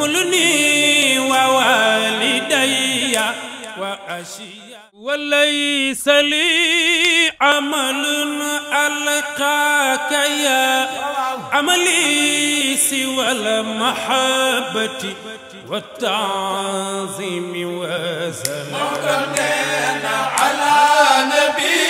حملني ووالدي وأشياء وليس لي عمل ألقاك يا عملي سوى المحبة والتعظيم وزمان على نبي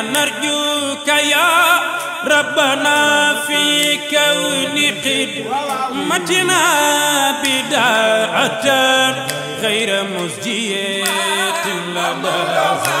ربنا في كون خدمتنا بدعة غير لا لدى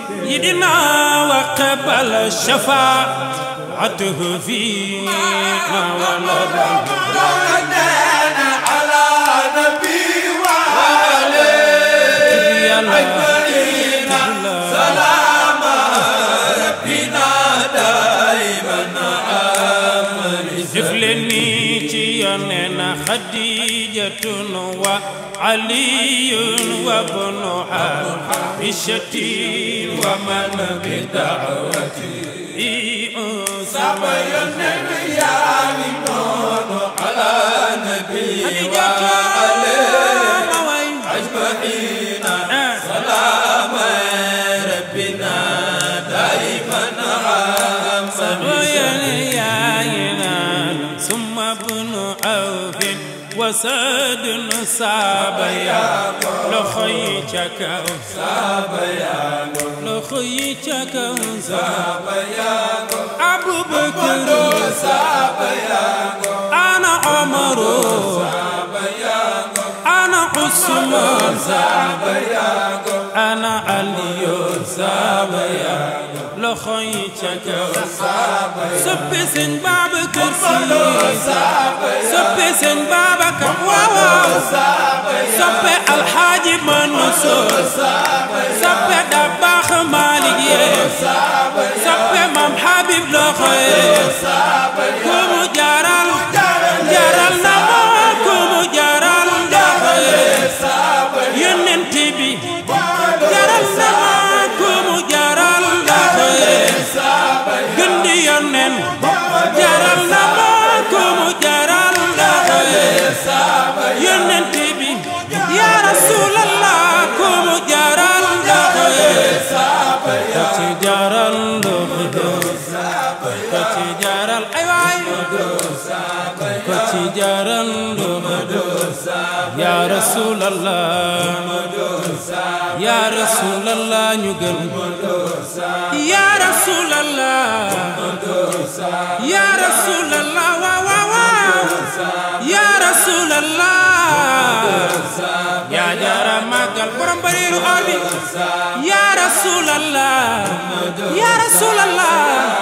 سيدنا وقبل شفاعته فينا ولدنا على نبي وعليه أجمعين سلام ربنا دائما آمين خديجة وعلي وابن حبشة ومن بدعوتي سبع النبيان نون على نبي ثم ابن عوف وسد صاب يا لخي شكا صاب يا لخي شكا صاب يا أبو بكر صاب يا أنا عمر صاب يا أنا عثمان صاب يا أنا علي صاب يا loxo yi ca kaw saaba yi soppi seen Babacar Si soppi seen Babacar waaw soppi alxaaji Mansour yaa rasulallah yaa rasulallah ñu rasulallah yaa rasulallah waaw waaw rasulallah yaa jaara màggal borom bariiru or bi rasulallah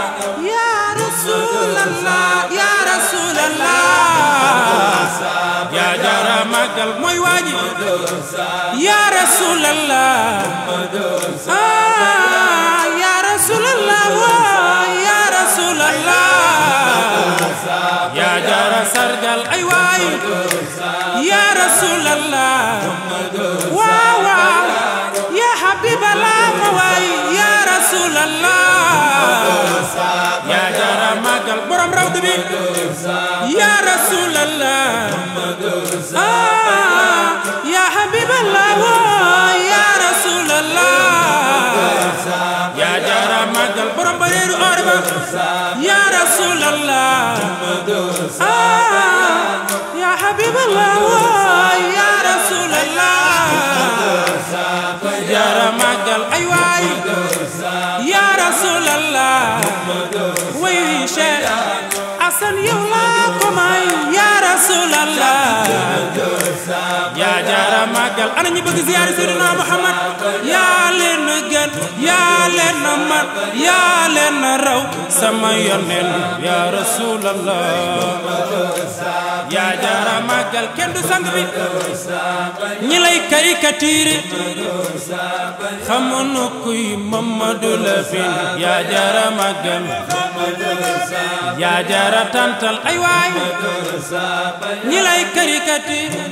magal mooy waa ji yaa rasulallah ah yaa rasulallah waa yaa rasulallah yaa jara sargal ay waay yaa rasulallah waa waa yaa habiballah waay yaa rasulallah يا رسول الله يا حبيب الله يا رسول الله يا جارا مدل برام أربا يا رسول الله يا حبيب الله يا رسول الله يا رمجل أيوة يا رسول الله cheikh asan yow laa ko may yaa rasulallah yaa jaara màggal ana ñu bëgg ziyaari seydina muhammad yaa leen yonent yaa leen a mat yaa leen a raw sama yonent yaa rasulallah yaa jaara màggal kenn du sang bi ñi lay karikatiiri xamuñu kuy Mamadou Lamine yaa jaara màggal yaa jaara tantal ay waay ñi lay karikatiiri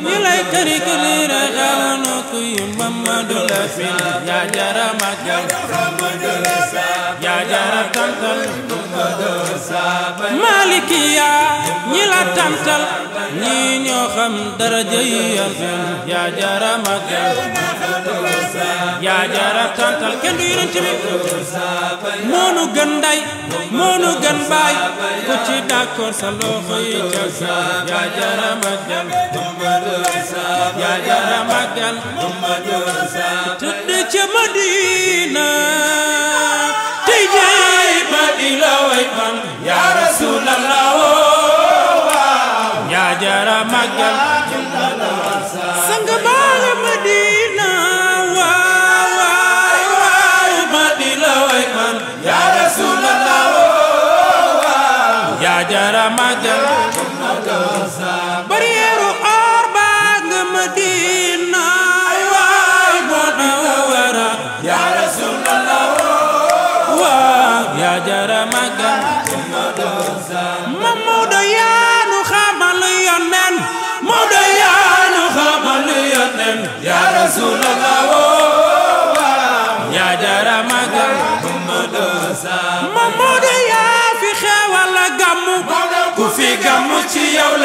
ñi lay këri këri ragalanu kuy Mamadu Lamin yaa jara màggal yaa jara tantal maliki yaa ñi la tantal ñii ñoo xam daraja yi yonent yaa jara magal yaa jara tantal kenn du yonent bi moo nu gën nday moo gën baay ku ci d'accord sa loxo yi ca yaa jara magal yaa jara magal tudd ca Madina tey jey Madina way man màggal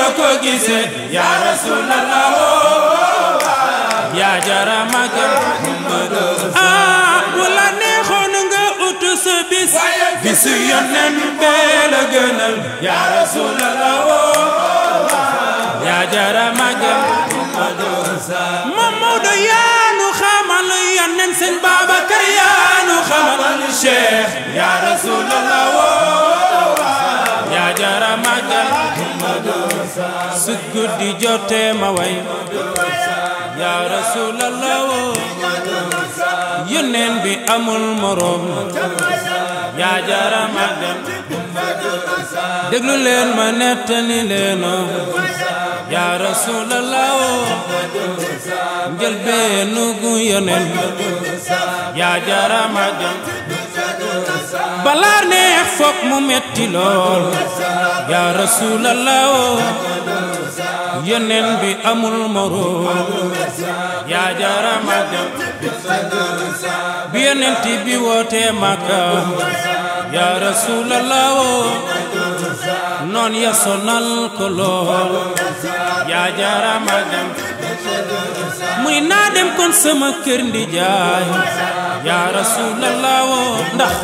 la ko gisee ya rasulallah oh, oh, oh. yaa jara magal ah bu la neexoon nga ut bis bisu yonent bi la gënal ya rasulallah yaa jara magal moom Maodo nu nu xamal yonent seen Babacar yaa nu xamal Cheikh di jote woo yónneen bi amul moroom yaa jara magal déglu ma nettali leen ya rasulallah woo njëlbeenu gu yónneen yaa jara magal balaa neex foog mu metti lool ya rasulallah woo yónneen bi amul moroom yaa jara ma dem bi yónneent bi wootee Makka yaa Rasuulallah noon ya sonal yaa jara ma muy naa dem kon sama kër ndi jaay yaa Rasuulallah ndax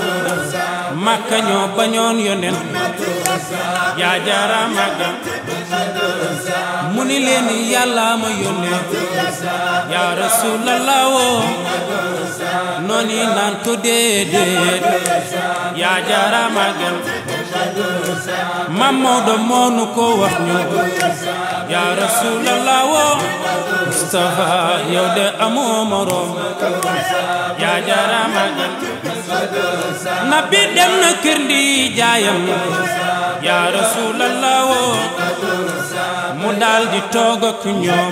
màkka ñoo bañoon yonent yaa jaara màggal mu ni leen yàlla ma yaa rasulallah woo noon yi naan ko déedéet yaa jaara màggal Maam Maodo moo nu ko wax yaa rasulallah woo Mustafa yow de amoo morom yaa jaarama nabi dem na kër di jaayam yaa rasulallah woo mu daal di toog ak ñoom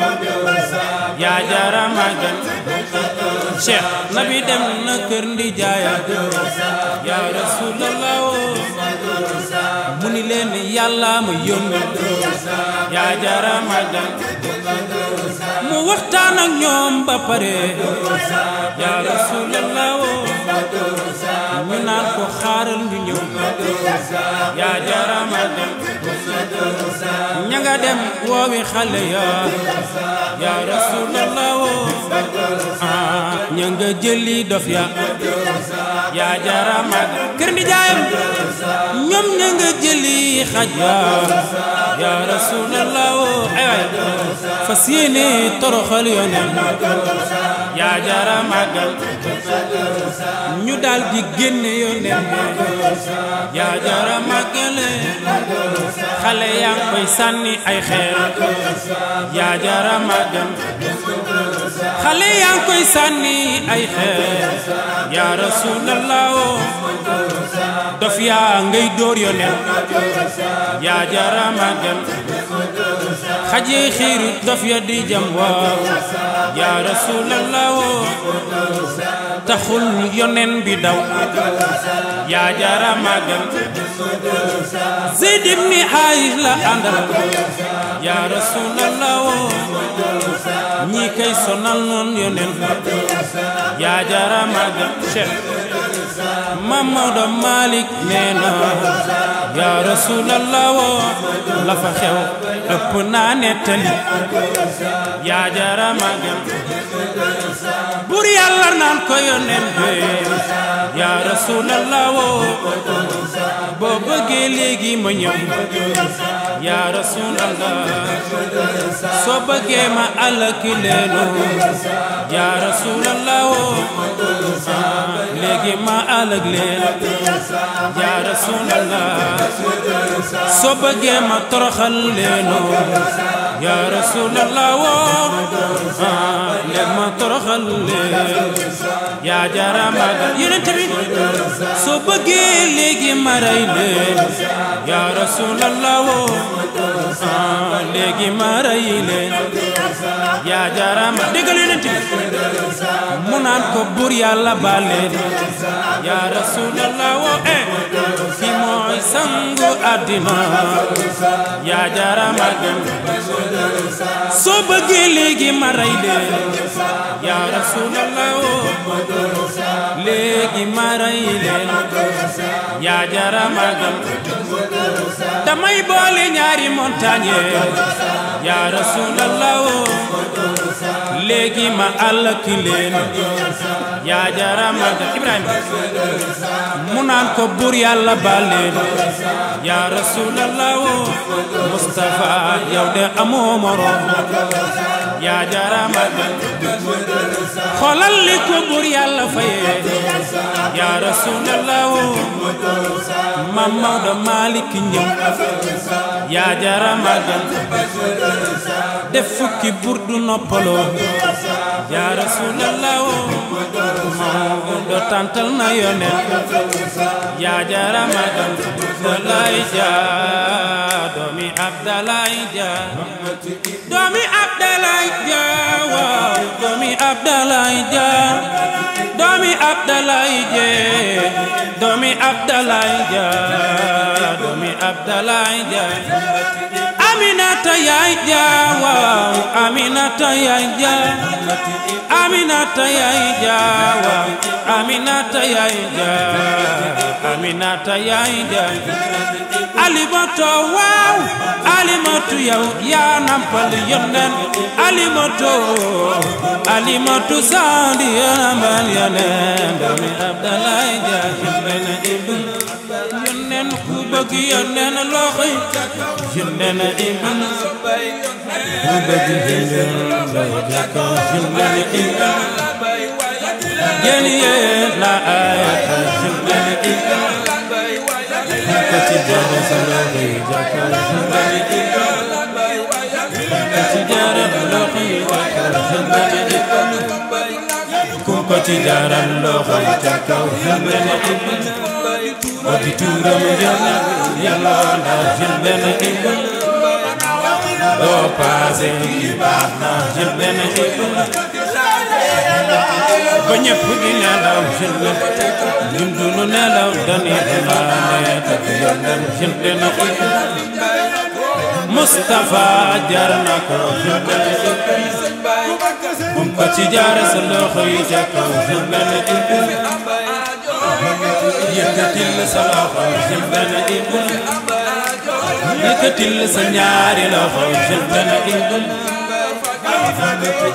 yaa jaarama Cheikh woo yàlla ñu naan ko xaaral ñu ñëw dem woowi xale ya yaa rasulallah ah, ña nga jëli dof ya يا جرام كرني جايم نيوم نيغا جلي يا رسول الله فسيني ترخل يوني yaa jara màggal ñu daal di génne yónneen bi yaa jara màggale xale yaa ngi ay xeer yaa jara màggal xale yaa ngi koy ay xeer yaa rasulallah dof yaa taxul yonen bi daw yaa jara màggal Zayd ibni Haarisa la àndal yaa rasulallah ñi kay sonal noon yaa jara màggal cheikh Mamadou Malick nee na yaa rasulallah la fa xew ëpp naa nettali yaa jara magal yàlla naan ko yónneen bi yaa rasulallah woo boo bëggee léegi ma ñëw yaa rasulallah soo bëggee ma alag leenu yaa rasulallah woo yaa jara magal yonent bi soo bëggee léegi maray leen yaa rasulallah woo mu naan ko buur yaa rasulallah woo oh, eh sangu àddina yaa jara magal soo bëggee léegi ma rey yaa rasulallah oh. léegi ma rey yaa jara magal damay boole ñaari montagne yaa rasulallah oh. léegi ma àll ki leen yaa jarama Ibrahima mu naan ko buur yàlla baal leen yaa rasulallah woo Mustafa yow de amoo morom yaa jarama xoolal li ko buur yàlla fayee yaa rasulallah woo maam Maodo Malick ñëw yaa jarama def fukki burdu noppaloo yaa rasulallah do oh, tantal na yonen yaa ja doomi abdalay doomi abdalay doomi abdalay doomi abdalay doomi abdalay aminata yaay aminata yaay aminata yaay jaawa aminata yaay aminata yaay jaawa alimato alimatu yow yaa nampal yonen alimato alimatu saandi yaa nampal yonen doomi abdalaay jaawa bëgg yónneen loxo yi yónneen iman ku bëgg yónneen loxo jàkka yónneen iman yéen yéen la ayata yónneen iman ku ci jëlee sa loxo yi jàkka yónneen iman ku ci jëlee ci daral loxo yi ca kaw yàlla na ibbal wati tuuram yàlla yàlla na yàlla na ibbal doo paase yi baax na yàlla na ibbal ba ñëpp di nelaw yàlla ñun du nu nelaw dañuy xalaane te du yàlla yàlla na ibbal Moustapha jar na ko yàlla na ibbal bu ko ci jaare sa loxo yi ca زملائكم yëkkatil sa loxo jël benn igul yëkkatil sa ñaari loxo jël benn igul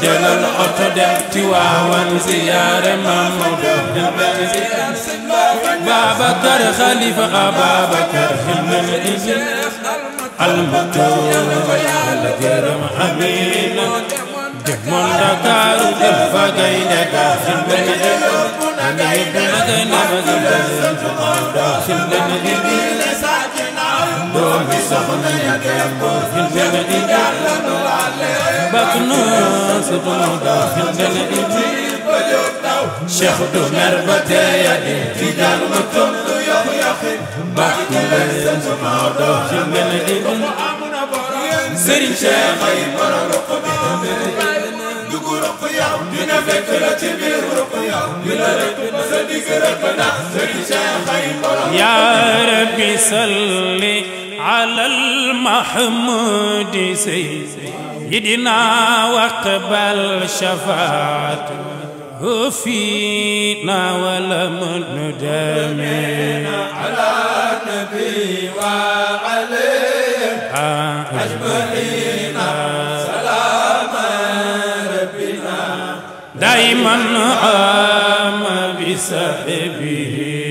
jëlal oto dem Tiwaawan ziyaare Maam Maodo jël benn igul Babacar Khalifa Ababacar jël benn igul almatoor yàlla gërëm amiin def moom Ndakaaru def fa gaynde ga simbene amee dana gaynde fa gaynde simbene di doomi soxna ya dembo simbene di bak noon sutuma ga simbene di cheikh du mer ba teya di di jàll ma tum du yox yoxi bak noon sutuma ga simbene di يا ربي صل على المحمود سيدنا واقبل شفاعته فينا ولم ندم على النبي وعليه أجمعين سلام ربنا دائما عام بسحبه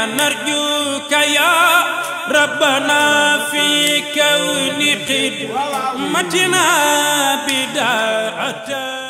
ربنا في كون خدمتنا بداعة